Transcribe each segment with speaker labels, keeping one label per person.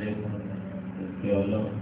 Speaker 1: àlékún ìpè ọlọ́run.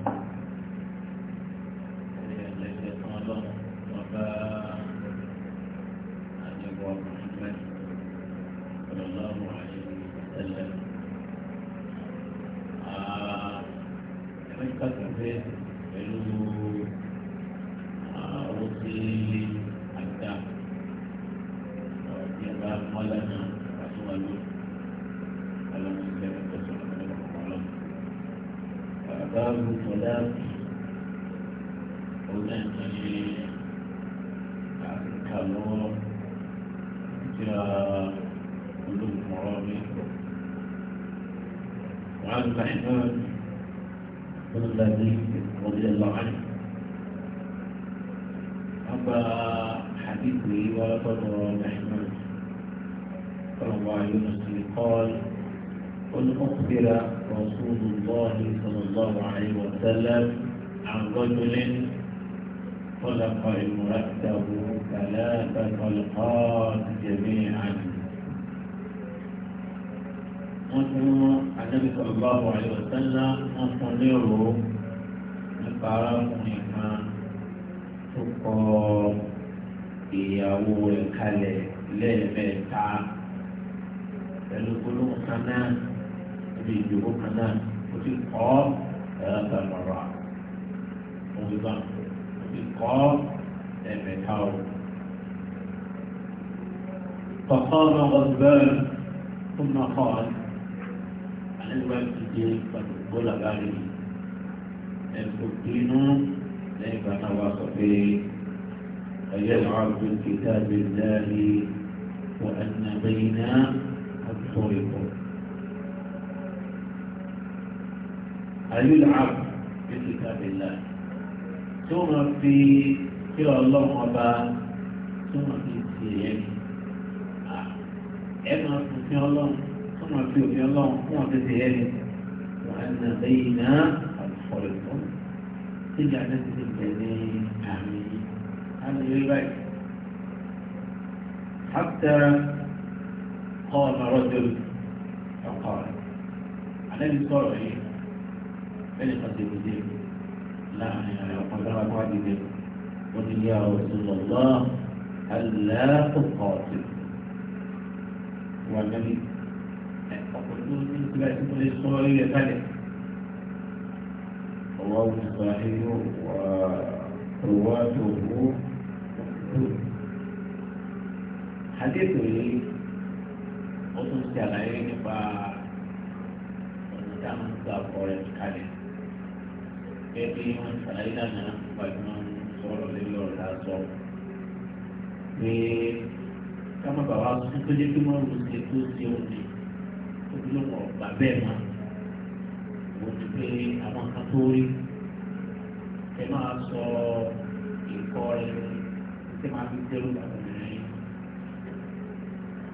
Speaker 1: وعن الرحمن بن الذي رضي الله عنه أما حديثي ولقد محمد صلى الله عليه وسلم قال قل أخبر رسول الله صلى الله عليه وسلم عن رجل خلق امرأته ثلاث خلقات جميعا wọ́n ti mú Ànábì sallallahu alaihi wasallam wọ́n fún lérò nípa arákùnrin kan tó kọ ìyàwó rẹ̀ kalẹ̀ lẹ́ẹ̀mẹ́ta pẹ̀lú gbólóhùn kan náà níbi ìdìbò kan náà ó ti kọ́ ẹ̀rọ tàbàrà òun ìbá ó ti kọ́ ẹ̀mẹ́ta o. فقام غضبان ثم قال ẹnìkan ti dé bọ́lá báyìí ẹ̀sùn kìnnú lẹ́yìn ìgbà náà wà sọ pé ẹ̀yẹ́ lọ́wọ́ tó ti dáàbò dáàbò wọ ẹ̀nà bẹ́yìn náà ọ̀tọ̀ ìkọ̀. ayé làbù tó ti dáàbò náà tó máa fi kí ọlọ́run ọba tó máa fi tiẹ̀ ẹ̀ máa fún fi ọlọ́run. wọn fi òfin ọlọ́run wọn fi ti hẹ́ni wọn á nà lẹ́yìn náà àlùfọ́lẹ̀ fún ìjà náà ti bẹ̀ ní àmì àmì rí báyìí. حتى قام رجل فقال عليه الصلاة والسلام ẹni pàṣẹ ìdíje láàrin àwọn ọ̀pọ̀lọpọ̀ àwọn àdìdẹ wọn ni yà ọ sọlọ lọ aláàkókò ọ̀tún wọn nàbí ìpìlẹ̀ tí mo lè sọ orí rẹ̀ kalẹ̀. ọwọ́ òṣùpá inú ọwọ́ tó wó àdéhùn yìí ó tún ṣe àlàyé nípa ọ̀nà tá à ń gbà kọ́ rẹ̀ kalẹ̀ gẹ́gẹ́ bí wọ́n ṣàlàyé lánàá nípa ìmọ̀ sọ̀rọ̀ tó ṣe tó ṣe inú wọn gbà bẹ́ẹ̀ mọ́ wọ́n ti pé àwọn kan tó rí ẹ máa sọ ìkọ́ rẹ ṣe máa fi dẹ́rù àwọn obìnrin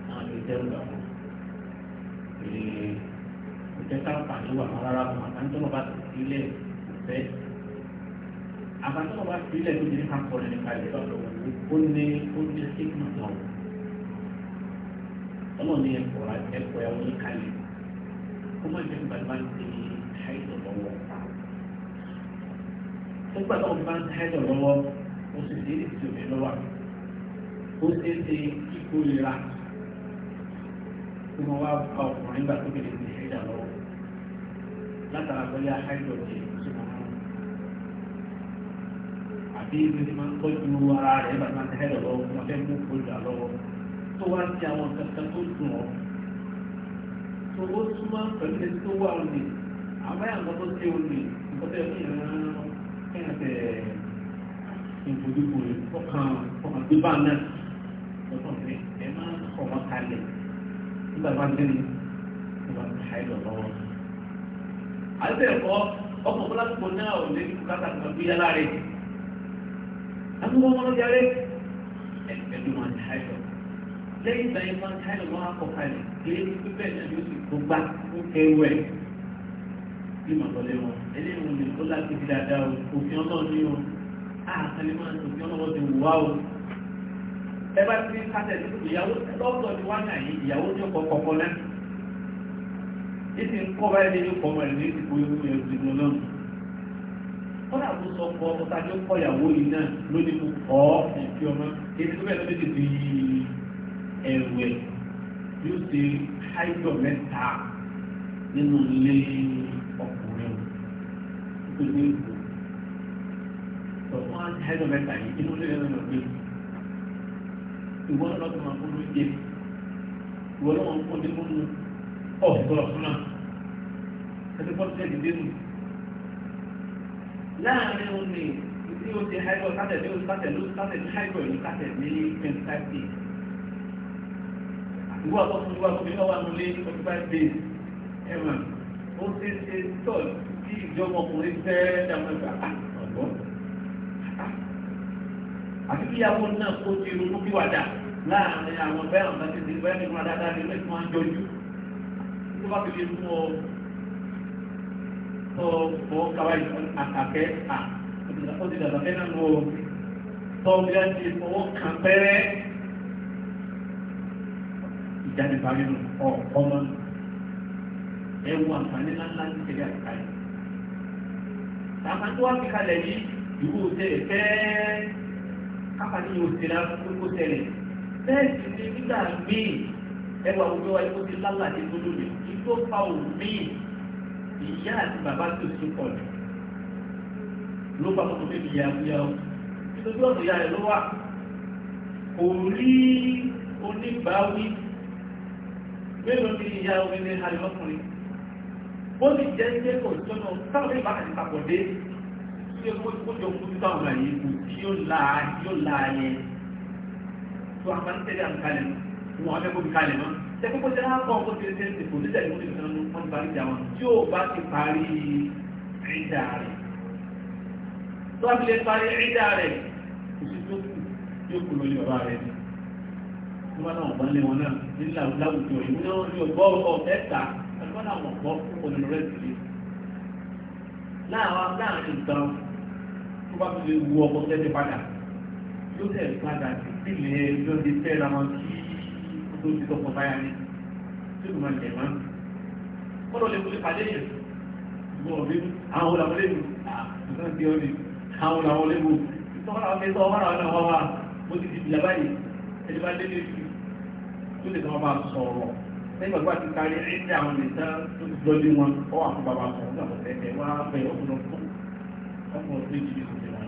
Speaker 1: máa fi dẹ́rù àwọn ee kò jẹ́ ká pàdé wà wọn rárá fún àtàntọ́nà bá ti sílẹ̀ ọ̀fẹ́ àtàntọ́nà bá ti tó ti ní ká kọ́ rẹ̀ nípa ìjọba lọ́wọ́ ó ní ó ní ṣé kí n sọ̀rọ̀ ọlọ́run ní ẹ̀kọ́ ẹ̀kọ́ ẹ̀ wọ́n kalẹ̀ kó má jẹ́ nígbà tí wọ́n ti ṣàìsàn lọ́wọ́ nígbà tí wọ́n bá ń ṣàìsàn lọ́wọ́ ó sì ṣe é ti òbí lọ́wọ́ ó ṣe é ṣe kíkó lera kí wọ́n wá bá ọkùnrin nígbà tó kéde ní ṣàìsàn lọ́wọ́ látara pẹ̀lú ṣàìsàn ti ṣùgbọ́n àbí ibi tí wọ́n tọ́jú ara rẹ̀ nígbà tí wọ́n ṣàìsàn lọ́wọ́ wọ́n fẹ́ mú kó lera lọ́wọ́ tó wá sí àwọn kankan tó dùn ọ́ tó ó súnmọ́ pẹ̀lú ẹni tó wà òní àmọ́ àwọn tó dé òní nǹkan tó yẹ kí ìran kéèyàn tẹ̀ ìbòjúbò ọkàn ọkàn tó bá náà lọ́sàn pé ẹ máa ń kọ̀ wọ́n kalẹ̀ nígbà bá dé ní ìgbà tó ṣáì lọ lọ́wọ́. àti ẹ̀kọ́ ọkọ̀ fúlàpọ̀ náà ò lè ní bùkátà kan bí yálà rẹ̀ àbúrò wọn lọ́jà lẹ́yìn ìgbà yẹn máa ń káyọ̀ wọn akọ̀kalẹ̀ lórí wípé bẹ́ẹ̀ náà yóò sì tó gbà ó kẹwù ẹ̀ bí màbọ̀lẹ́ wọn eléyìí wọn lè kó láti fi dáadáa o òfin ọlọ́run ní o àkàlẹ́ máa ń òfin ọlọ́run ti wù wá o. ẹ bá ti ní kásẹ̀ ní ìyàwó lọ́sọ̀ ni wọ́n kà yìí ìyàwó ní ọkọ̀ kọ̀ọ̀kan náà. ìsì ń kọ́ báyìí nínú kọ́ mọ̀lẹ́ ní ìsìnkú ewu ẹ̀sìn náà. kọ́dà tó sọ fọ ọ̀tàjọ́ kọ́ ìyàwó yìí náà lónìí kọ́ ìfi ọmọ ṣe háìdọ̀ mẹ́ta nínú ilé ọkùnrin tó ní ìlú tọ̀tún á ṣe háìdọ̀ mẹ́ta yìí nínú ilé ẹ̀rọ ìgbé ìwọ ọlọ́dún máa fún lóye ìwọ ọlọ́wọ́n fún ọdún múnú ọ̀gbọ́n fúnà ẹni kọ́ sílẹ̀ dìde nù láàárín òun ni tí ó ti háìdọ̀ sátẹ̀ tí ó sátẹ̀ ló sátẹ̀ yìí sátẹ̀ ní twenty five days ìwọ àtọ́kùnrin wa obìnrin náà wà nílé twenty five days ẹ̀mọ̀ ó ṣe é ṣe tọ̀ kí ìjọba ọkùnrin fẹ́ dàmọ́ta ọ̀gbọ́. àti kí ìyàwó náà kó ti ronú bí wàdà láàrin àwọn bẹ́ẹ̀ àwọn àti ìdìbò ẹni kan dáadáa ni lẹ́sìn máa ń jọjú tó bá fi lè mú ọ ọ jáde parí nù ọmọ ẹ wo àǹfààní ńláńlá ní ìṣẹ̀lẹ̀ àti káyọ̀. àǹfààní tó wá fi kalẹ̀ yìí ìwú òtẹ́lẹ̀ fẹ́ẹ́ káfàní òtẹ́lẹ̀ kókó tẹ̀lẹ̀ bẹ́ẹ̀ sì ni nígbà míì ẹ wà wọ́n wáyé kó ti lálà ní gbogbo mi ìgbó pa òmí ìyá àti bàbá tó sún pọ̀ jù ló bá mọ́tò bébí ya wúyá o nítorí ọ̀dọ̀ ìyá rẹ̀ ló wà kò rí oníbàáwí mélòó ni ìyá obìnrin àìlọ́kùnrin ó sì jẹ́ ilé kò tọ́nà táwọn ìbá àti pàpọ̀dé tí ó kójọ fún títà ọ̀nà yìí kù tí ó là á yóò là á yẹ tó a máa ń tẹ́lẹ̀ àǹkalẹ̀ mọ́ wọn akẹ́kọ̀ọ́ ìkalẹ̀ mọ́ tẹ́kọ́ kó tẹ́lẹ̀ àpọ̀ kó tẹ́lẹ̀ tẹ́lẹ̀ kò ní tẹ́lẹ̀ kó tẹ́lẹ̀ kó tẹ́lẹ̀ kó tẹ́lẹ̀ tí ó bá ti parí ìdá rẹ̀ tó a ti lè parí ìdá rẹ̀ kò sí tó kù yóò kú lórí ọ̀rọ̀ rẹ̀ ni wọ́n náà wọ́n lé wọn náà nílà láwùjọ yìí ní wọ́n ní ọgbọ́ ọ̀tẹ́ta ẹgbọ́n àwọn ọ̀pọ̀ onírẹ̀ sílé láàárín ìtàn tó bá fi lè wu ọkọ̀ tẹ́tẹ́ padà yóò tẹ̀ padà sílẹ̀ ẹjọ́ ti fẹ́ ra wọn kí ó tó ti tọkọ báyà ní tí ó máa jẹ̀ máa ó lọ lè kó lè pàdé yẹn ṣùgbọ́n ọ̀bí àwọn olàwọlé mi àwọn ti ọ̀bí àwọn olàwọlé mi tọ́kọ̀ àwọn ọmọ ẹ̀sọ́ ọmọ àwọn ọmọ wa mo ti di ìjàmbá yìí ẹni bá dé ní ìlú tó lè tán bá sọ̀rọ̀ nígbà tó bá ti kárí ẹ̀jẹ̀ àwọn lè tán tó ti lọ́dí wọn ọ wà fún bàbá sọ̀rọ̀ nígbà tó tẹ̀lé wọn á fẹ́ ọkùnrin fún ọkùnrin tó jìbì tó ti wọn.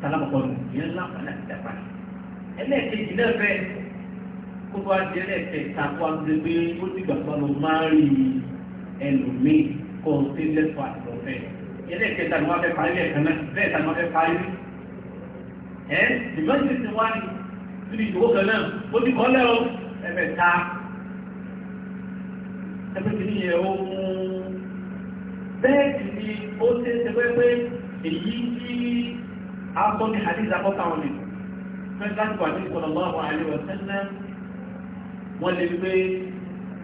Speaker 1: sálábọ̀kọ nù ìyẹn láǹfààní àti ìjàpáyà ẹlẹ́ẹ̀kejì náà fẹ́ kó bá di ẹlẹ́ẹ̀kẹta kó a ti ó ti gbà lọ máa rí ẹlòmíì kó o lẹ́fọ̀ àtọ̀fẹ́ bẹ́ẹ̀ ta ni wọ́n fẹ́ síbi ìdìbò kan náà ó ti kọ́ lẹ́ọ̀ ẹ̀mẹ̀ta ẹgbẹ́ ti ní yẹ ó mú bẹ́ẹ̀ sì ni ó ṣe é pé èyí tí a sọ ní àdéhùn akọ́ta ni fẹ́ẹ́ láti wà ní ìkọlọ̀ lọ́wọ́ àríwọ̀ sẹ́lẹ̀ wọ́n lè gbé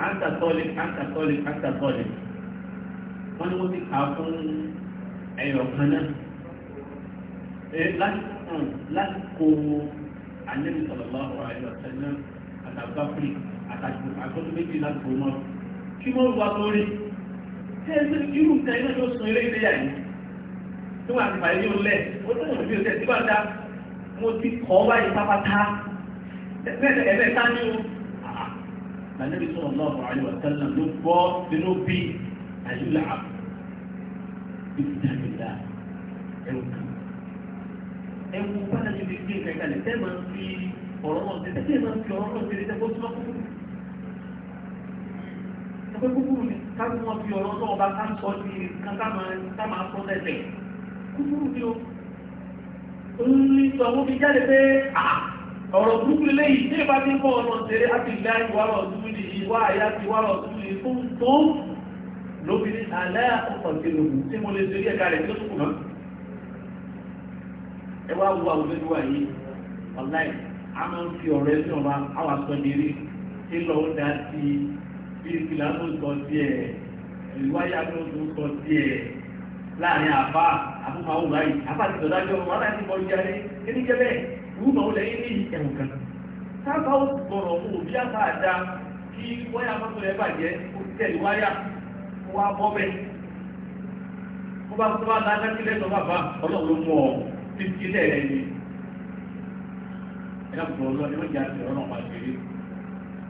Speaker 1: antatọ́lẹ̀ antatọ́lẹ̀ antatọ́lẹ̀ wọ́n ní wọ́n ti kà á fún ẹ̀yọ̀ Ànábì sallallahu alaihi wa sallam àtàgbàpè àtàgbàpè méjì láti bò náà kí wọ́n wá lórí tí ẹ irú nǹkan iná yóò sun eré ìdíyà yìí tí wọ́n àtìpà yóò lẹ̀ ó tó wọ́n fi ọ̀sẹ̀ tí wọ́n dá mo ti kọ́ báyìí pápátá ẹ̀fẹ́ ká ní o Ànábì sallallahu alaihi wa sallam ló gbọ́ nínú bí àyùlá ìfìdánilá ẹ̀rù kan ẹ̀wù bára ní gbígbé ìkẹ̀kẹ̀lẹ̀ tẹ́ máa ń fi ọ̀rọ̀ náà ṣe tẹ́ máa ń fi ọ̀rọ̀ náà ṣe tẹ́ kó súnmọ́ kúkú. ẹgbẹ́ kúkú ni káàkiri wọn fi ọ̀rọ̀ náà bá ká sọ ní káká máa sọ tẹ̀tẹ̀ kúkú ni o. orí sọ wọ́n fi jáde pé ọ̀rọ̀ kúkú léyìí tí ìbá ti kọ́ ọ̀nà ṣeré àti ìgbà ìwárọ̀ ọ̀dún ní ìwá àyà ti wárọ̀ ọ̀dún ní fún tó lóbi ní alẹ́ àkọ́kọ̀ ẹwà wá wo àwùjọ ìwà yìí a máa ń fi ọ̀rọ̀ ẹ̀sìn ọba àwọn àsọdìrí tí lọ ó dá sí bí ìpìlẹ̀ ló sọ sí ẹ̀ ìwáyà ló tó sọ sí ẹ̀ láàrin àbá àbúmáwò báyìí àbá ti dọ̀dá jọ wọn láti rẹ jẹ́ bẹ́ẹ̀ ó lẹ́yìn ní ẹ̀wọ̀n kan sábà ó mú òbí àbá àdá kí wáyà mọ́tò títí lẹ́ẹ̀rẹ́ ni ẹ̀kọ́ ọlọ́ni ó jà sí ọ̀rọ̀ pàṣírí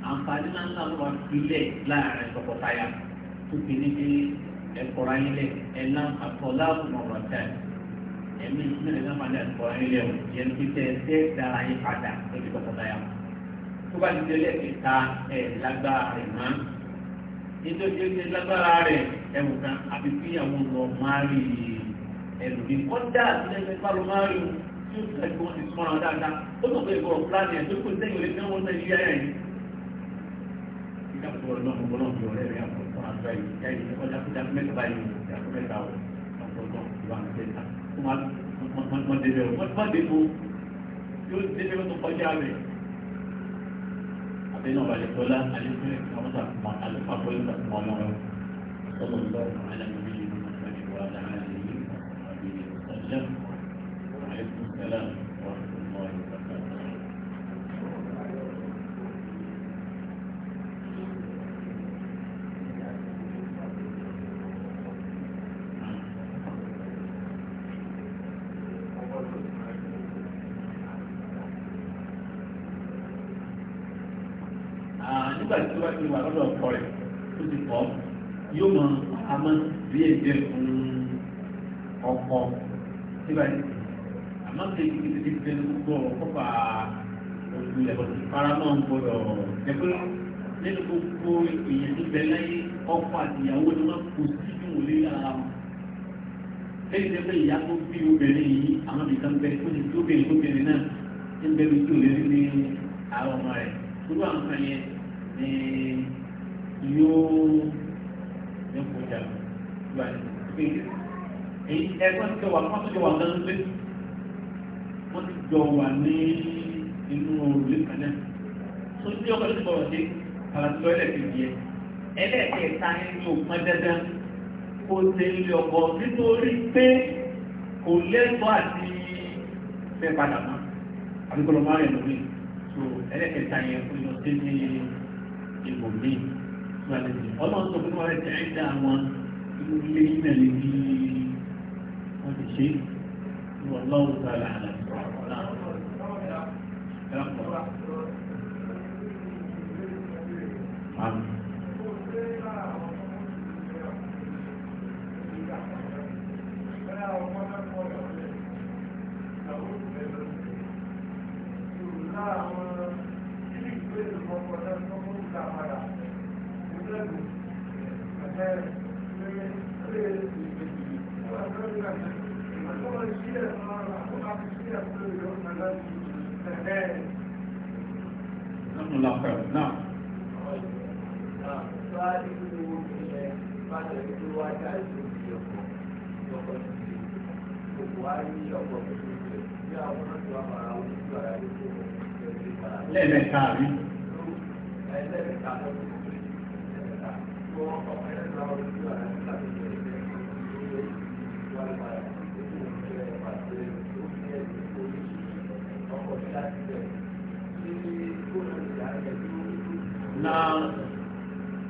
Speaker 1: àǹfààní ńláńlá ló wà sílẹ̀ láàrin tọkọtaya tó fi ní bí ẹ̀kọ́ra ilẹ̀ ẹ̀lá àtọ́lá ọ̀rọ̀ tẹ̀ ẹ̀mí ìpínlẹ̀ náà máa ní ẹ̀kọ́ra ilẹ̀ o yẹn ti tẹ́ ẹ dára yín padà lórí tọkọtaya tó bá ti délé ìta ẹ̀ lágbára rẹ̀ mọ́ nítorí ó lágbára rẹ̀ ẹ̀wù kan àbí fíyàwó lọ máa rí i ẹlòmí kọ́dá àtìlẹ́sẹ̀ pálọ́márì tí ó tẹ̀lé wọn ti súnmọ́ra dáadáa ó sọ pé ìbọn fúlàní ẹ̀ tó kó sẹ́yìn lè fẹ́ wọn sẹ́yìn yáyà yìí. ìdàpọ̀ náà mo gbọ́dọ̀ bí ọ̀rẹ́ rẹ̀ àpò fún àgbà yìí yáyà yìí kọjá kó jáde mẹ́ta báyìí ìyàpò mẹ́ta ọ̀ ọ̀pọ̀ náà ìwà àtẹ́ta ó máa mọ̀ọ́dé bẹ́ẹ̀ mọ̀ọ́dé bó yóò dé bẹ́ẹ̀ tó kọjá rẹ̀ àbẹ́nà balẹ̀ tọ́lá alẹ́kùnrin àwọn àlùfáà pọ̀lẹ́ta fún ọmọ rẹ̀ sọ́dọ̀ lọ́wọ́ alẹ́ نعم وعليكم السلام ورحمة الله وبركاته nígbà tí wọ́n ti wà lọ́dọ̀ ọkọ rẹ̀ tó ti kọ́ yóò mọ àmọ́ bí èdè fún ọkọ síbáyé àmọ́ kí ni kí ni kí ni gbọ́ kọ́fà oṣù ìyàbọ̀ tó fara náà ń gbọ́dọ̀ jẹ́ pé nínú gbogbo èèyàn tó bẹ láyé ọkọ àtìyàwó ni wọ́n kò sí ní òun lórí ara wọn. lẹ́yìn tẹ́ pé ìyá tó bí obìnrin yìí àwọn nìkan bẹ tó ti tó bẹ̀rẹ̀ lóbìnrin náà ń bẹ̀rù tó lè ní àwọn ọmọ rẹ̀ gbogbo àwọn kan yẹn ni yóò ní kọjá lọ́wọ́ èyí ẹgbẹ́ ti wà wọ́n ti wà lọ́dún wọ́n ti jọ wà ní inú òrùlé kan náà tó ti ọkọ̀ lóṣù bọ̀rọ̀ sí àlàtúntò ẹlẹ́ẹ̀kejì ẹ ẹlẹ́ẹ̀kẹta ní òpin dandan kó ṣe ilé ọkọ̀ nítorí pé kò lẹ́tọ̀ọ́ àti fẹ́ padà mọ́ àbíkọ́lọ́ máa lórí so ẹlẹ́kẹta yẹn kò lọ sí ní ìbò mi ọlọ́run tó fún wa rẹ̀ tẹ̀ ẹ́ dá wọn inú ilé yìí ní ṣe ní ọlọ́run tààlà àlàyé lẹ́ẹ̀mẹ́ta rí na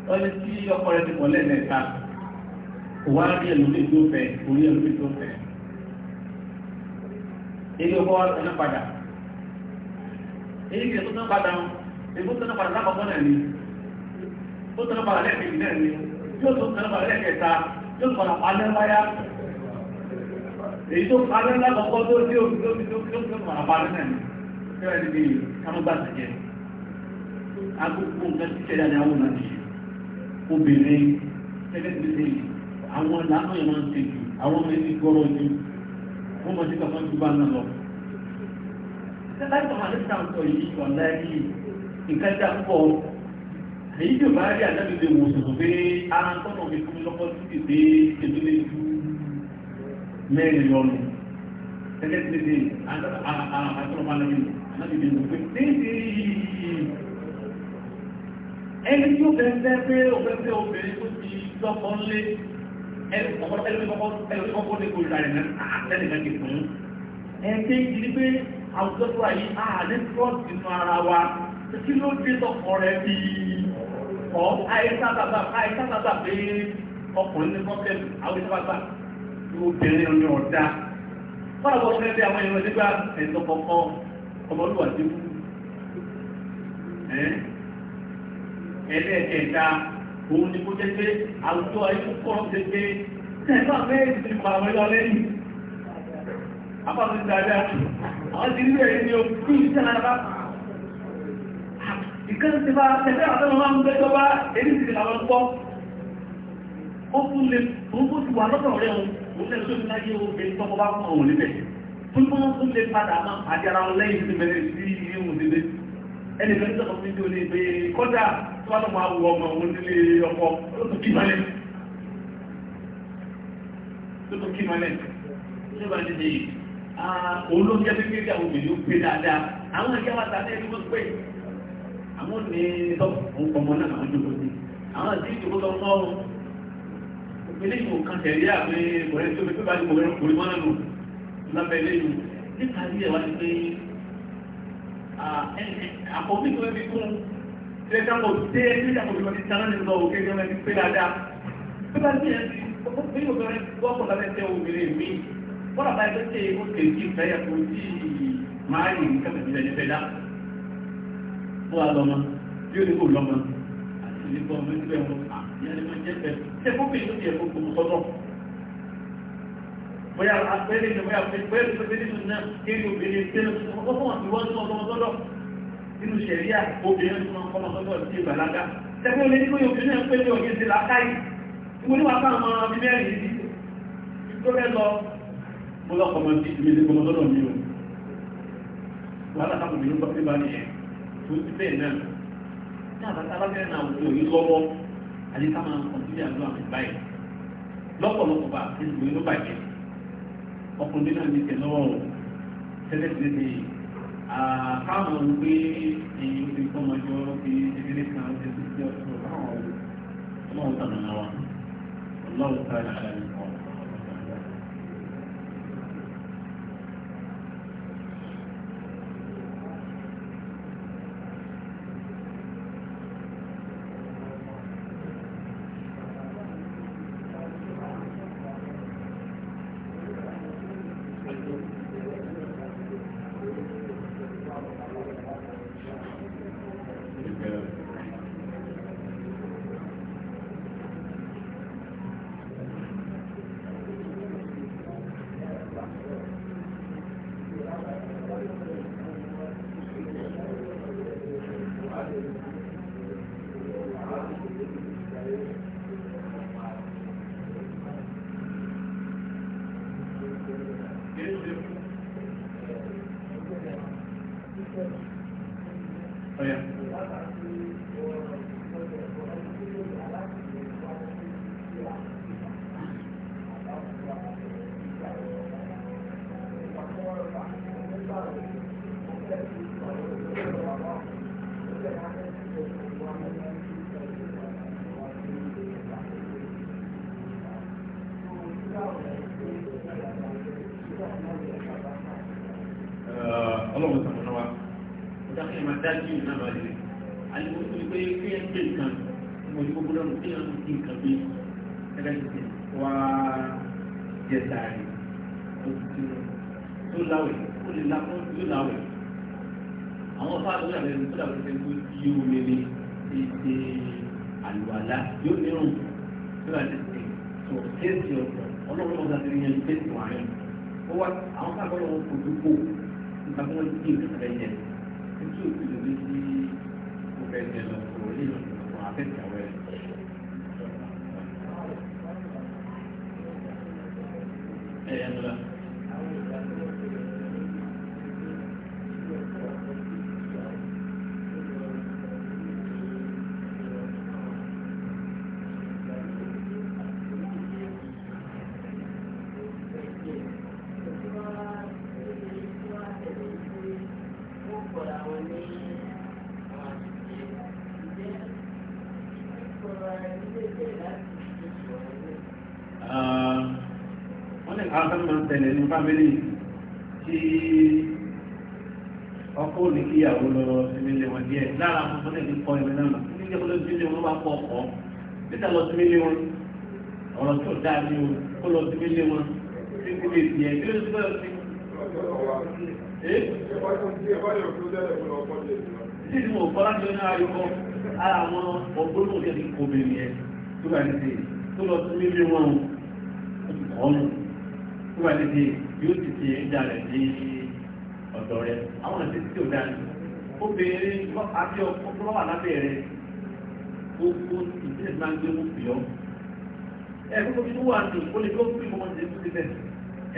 Speaker 1: ọlẹ́ tí ọkọ̀ rẹ̀ ti pọ̀ lẹ́ẹ̀mẹ́ta kò wá rí ẹlòmíì tó fẹ́ kò rí ẹlòmíì tó fẹ́ ilé ọkọ̀ ẹ̀nà padà èyí kìí tó tán padà ìbú tó tán padà lápapọ̀ náà ni ó tán padà lẹ́ẹ̀kejì náà ni yóò tó tán padà lẹ́ẹ̀kẹta yóò padà palẹ́ wáyá èyí tó palẹ́ lápapọ̀ tó tí ó fi tó fi tó fi tó fi padà palẹ́ náà ni fẹ́rẹ̀ ní bí kámúgbà tẹ̀jẹ́ agbókò nǹkan tí ṣẹlẹ̀ ní àwọn ọ̀nà ti obìnrin tẹ́lẹ̀ tẹ́lẹ̀ àwọn làánú yẹn máa ń ṣe àwọn ọmọ ẹni gbọ́rọ̀ jù wọ́n mọ̀ sí kankan ju bá náà lọ. láìpẹ́ máa lẹ́sìn àwọn sọ yìí ọ̀la ẹ̀rí nǹkan já púpọ̀ èyí tí ò bá rí àdájọ́ ti wò sòtò pé ara tọ́nà mi fún mi lọ́kọ́ títí dé ìdílé ju mẹ́rin lọ́nu gẹ́gẹ́ tí lè àtọ́nà ẹni tí ó fẹ́ fẹ́ pé ó fẹ́ fẹ́ obìnrin tó ti lọ́kọ́ ńlé ọkọ ẹlòmíkọ́kọ́ ẹlòmíkọ́kọ́ ní kò ìrànlẹ̀ náà àtẹ́lẹ̀ náà ti fún un. ẹ̀ẹ́dẹ́ ìdílé pé àwùjọ tó wà yìí àní trust nínú ara wa kí ló dé tọkọ rẹ bí ọ àìsàbàbà pé ọkùnrin ní kọ́kẹ́lù àwùjọbàbà obìnrin ní ọ̀dà. fọ́nà bọ́ fẹ́ bí àwọn ènìyàn nígbà ẹ̀sọ́ kọ̀ọ̀kan ọmọlúwà dínkù ẹ̀ẹ́dẹ́ẹ̀kẹta òun ni kó jẹ́ pé àwùjọ ayé pọ̀ ṣe pé ẹ̀fà mẹ́rin ti pa àwọn ẹlọ lẹ́yìn apáfẹ́ dáadáa àwọn ti nílò ẹni o kí ní sẹ́nà bá ìkan ti bá tẹ̀lé àtọ́nà máa ń gbẹ́jọ́ bá èyí ti làwọn pọ́ ó fún lè fún kó ti wà lọ́dọ̀ rẹ̀ òun òun lẹ́nu tó ti láyé obìnrin tọ́kọ bá fún àwọn oníbẹ̀ fún kó wọ́n tún lè padà máa pàdé ara wọn lẹ́yìn sí ilé òun ti ẹnì wọ́n máa wọ ọmọ òun nílé ọkọ ló tún kí mọ́lẹ̀ ló tún kí mọ́lẹ̀ ṣé wàá dídé yìí òun ló jẹ́ pípé ìyàwó mi ló gbé dáadáa àwọn ìyá wa tàbí ẹni wọ́n pè àwọn ní tọ́pù ọmọ náà àwọn ìjọba ní àwọn àti ìjọba lọ mọ́ ọ́n ilé ìwò kan tẹ̀lé àmì ìbọ̀rẹ́ tó fi pípa ìbò ẹran kò mọ́ ẹnu lábẹ́ ilé ìwò nípa ilé wa ti pé àkọ́bí tó fi kún lẹ́tàpọ̀ dé lẹ́tàpọ̀ ìwọ̀n ti tàná nínú ọ̀wọ̀ kéjọ mẹ́rin pé dáadáa tó bá ti yẹn ti bí obìnrin wọ́pọ̀ lábẹ́ tẹ obìnrin mi wọ́n làbá ẹgbẹ́ tẹ ó tẹ̀ sí ìfẹ́ yẹ kó tí máa yìí nǹkan tó ti fẹ́ dá fún wa lọ́mọ bí ó ní kò lọ́mọ àti ní bọ́ ọmọ ẹgbẹ́ wọn àyà ni wọ́n jẹ́ fẹ́ tẹ fún bíi ó ti yẹ kó kó sọ́dọ̀ bóyá bóyá nínú ṣẹ̀ríà obìnrin tó máa kọ́mọ sọ́dọ̀ sí ìbàlágà tẹ́kọ́ lè nígbó yóò fi náà pé ní òye ti làákàyè mo ní wà fún àwọn ọmọ bíbẹ́ rìn yìí tó fẹ́ lọ mo lọ kọ́mọ sí ìdílé ní kọ́mọ sọ́dọ̀ o wàhálà táwọn obìnrin gbọ́ pé bá ní ẹ̀ tó ti bẹ́ẹ̀ náà ní àbáta alábẹ́rẹ́ náà wò ní lọ́wọ́ àdéká máa kàn sí àdúrà mi báyìí lọ́pọ̀lọpọ̀ bá àti ìgbòho ló bàjẹ́ ọkùnrin náà Ah, káwọn ń gbé ẹyin orí kọ́mọjọ́ bí ẹgbẹ́rẹ́ kan ṣe tó ti ọ̀ṣọ́ ọlọ́run tàbí náà wà ọlọ́run tàbí náà dájú ìrìnà lọ rẹ̀ alùpùpù tó pé kí ẹ gbé nǹkan mo ní gbogbo lọ́rùn tí ẹ ń fi nǹkan bí ẹgbẹ́ ti tẹ̀ wá jẹ sáré tó láwẹ̀ ó lè lápọ̀ tó láwẹ̀ àwọn ọba àti tó dàbí ẹni tó di omi ní ètè àlùwàlá yóò nírun tó dàbí ẹni tó kéèsì ọ̀pọ̀ ọlọ́run ọ̀gá ti yẹn kéèsì wáyé ó wá àwọn káàkiri ọ̀pọ̀ tó kò nípa tí wọ́n ti di ìgbésẹ̀ yẹn. 就是这些那边的所谓的华灯桥的。fámílì tí ọkọ̀ ní kí ìyàwó lọ sílé wọn díẹ̀ lára àwọn ọmọdé ti kọ́ ẹ̀mí náà ní ìjẹ́ kọ́lọ́ sílé wọn bá kọ́ ọkọ̀ níta lọ sílé wọn ọ̀rọ̀ tó dáa ní o kó lọ sílé wọn tí kò lè tiẹ̀ tí ó ti bẹ́ẹ̀ sí. Tí ìdí mo kọ́ láti ọ̀nà ayọ̀kọ́ ara àwọn ọgbọ́n òkè ti kò bèrè yẹn tó bá ti tè tó lọ sílé wọn ó ti kọ́ ọ́nù tó bá ti tè yóò ti ti ẹja rẹ̀ ní ọ̀dọ̀ rẹ̀ àwọn ẹ̀sìn tí ò dáa ni obìnrin àti ọkọ wà lábẹ́ rẹ̀ gbogbo ìdílé máa ń gbé wọn pè ọ́ ẹ gbogbo bí wọ́n àti olè tó ń pè wọ́n ti ti bẹ̀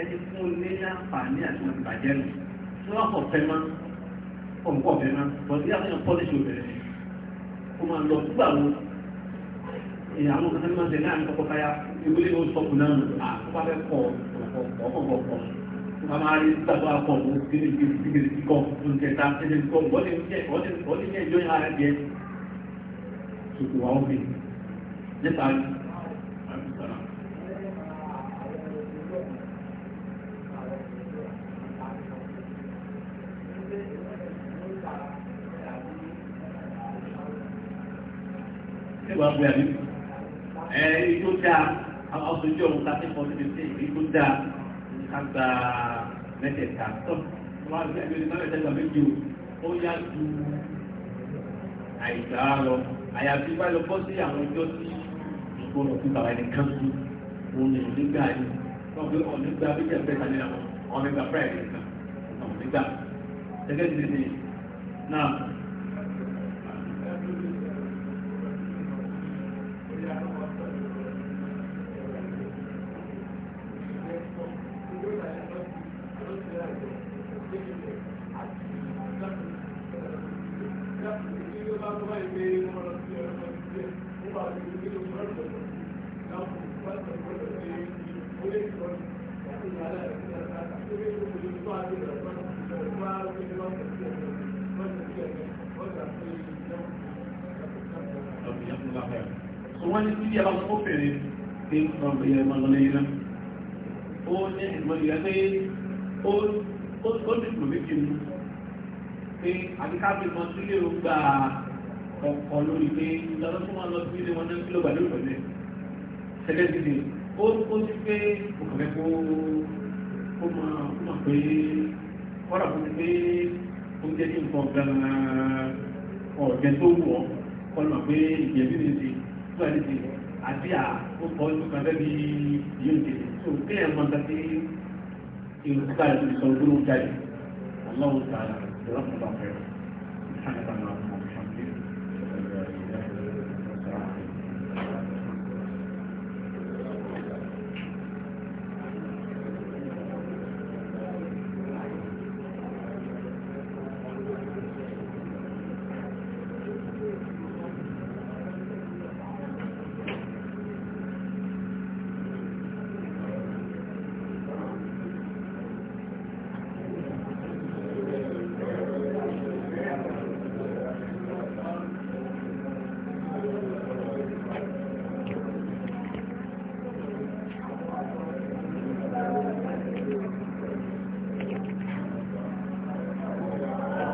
Speaker 1: ẹni fún un ní àǹfààní àti wọn ti bàjẹ́ nù tí wọ́n kọ̀ fẹ́ má ọ̀nkọ̀ fẹ́ má bọ̀dé àwọn èèyàn pọ́líṣì obìnrin kó máa lọ nígbà wo ìyàwó kan máa ń tẹ̀lé àmì kọ́kọ́ káyà ìwé ìwé sọ́kù náà àkọ́kọ́ fẹ́ kọ́ ọ kamari sabu akọ o kiri àwọn ọ̀sán ìjọ òun ta ti kọ́ sí ibi tí ìbí dá àgbà mẹ́tẹ̀ẹ̀ta tó wọ́n á gbé ẹgbẹ́ mẹ́tẹ̀ẹ̀ta méjì ó yá ju àìgbà lọ àyàfi bá lọ bọ́ sí àwọn ọjọ́ tí ìgbọ́nà tó bàbá ẹni kan sí òun ni onígbà yìí wọ́n gbé ọ̀nígbà méjì ẹgbẹ́ta nínú ọ̀nígbà fúráìdì kan ọ̀nígbà gẹ́gẹ́ bí ní náà. wọ́n ní tí yàrá ó fèrè ní ọ̀rọ̀ ìmọ̀lẹ́ iná ó ní ìmọ̀lẹ́ pé ó ní ìlú méjì mú pé àbíkábí kan tí lè gba ọ̀pọ̀ lórí pé ìjọba tó máa lọ sí ilé wọn náà kí ló gbà lórí pẹ̀lú ṣẹlẹ̀ dídì ó ó ti kọlọ̀ pé ìjẹ̀bí ni ti tó ẹni ti àti à ó kọ́ ojú kan fẹ́ bí yóò ṣe tó kéèyàn mọ nǹkan tí irun kíkà rẹ̀ ti sọ jáde ọlọ́run tààrà ìrọ́pùn fẹ́ràn.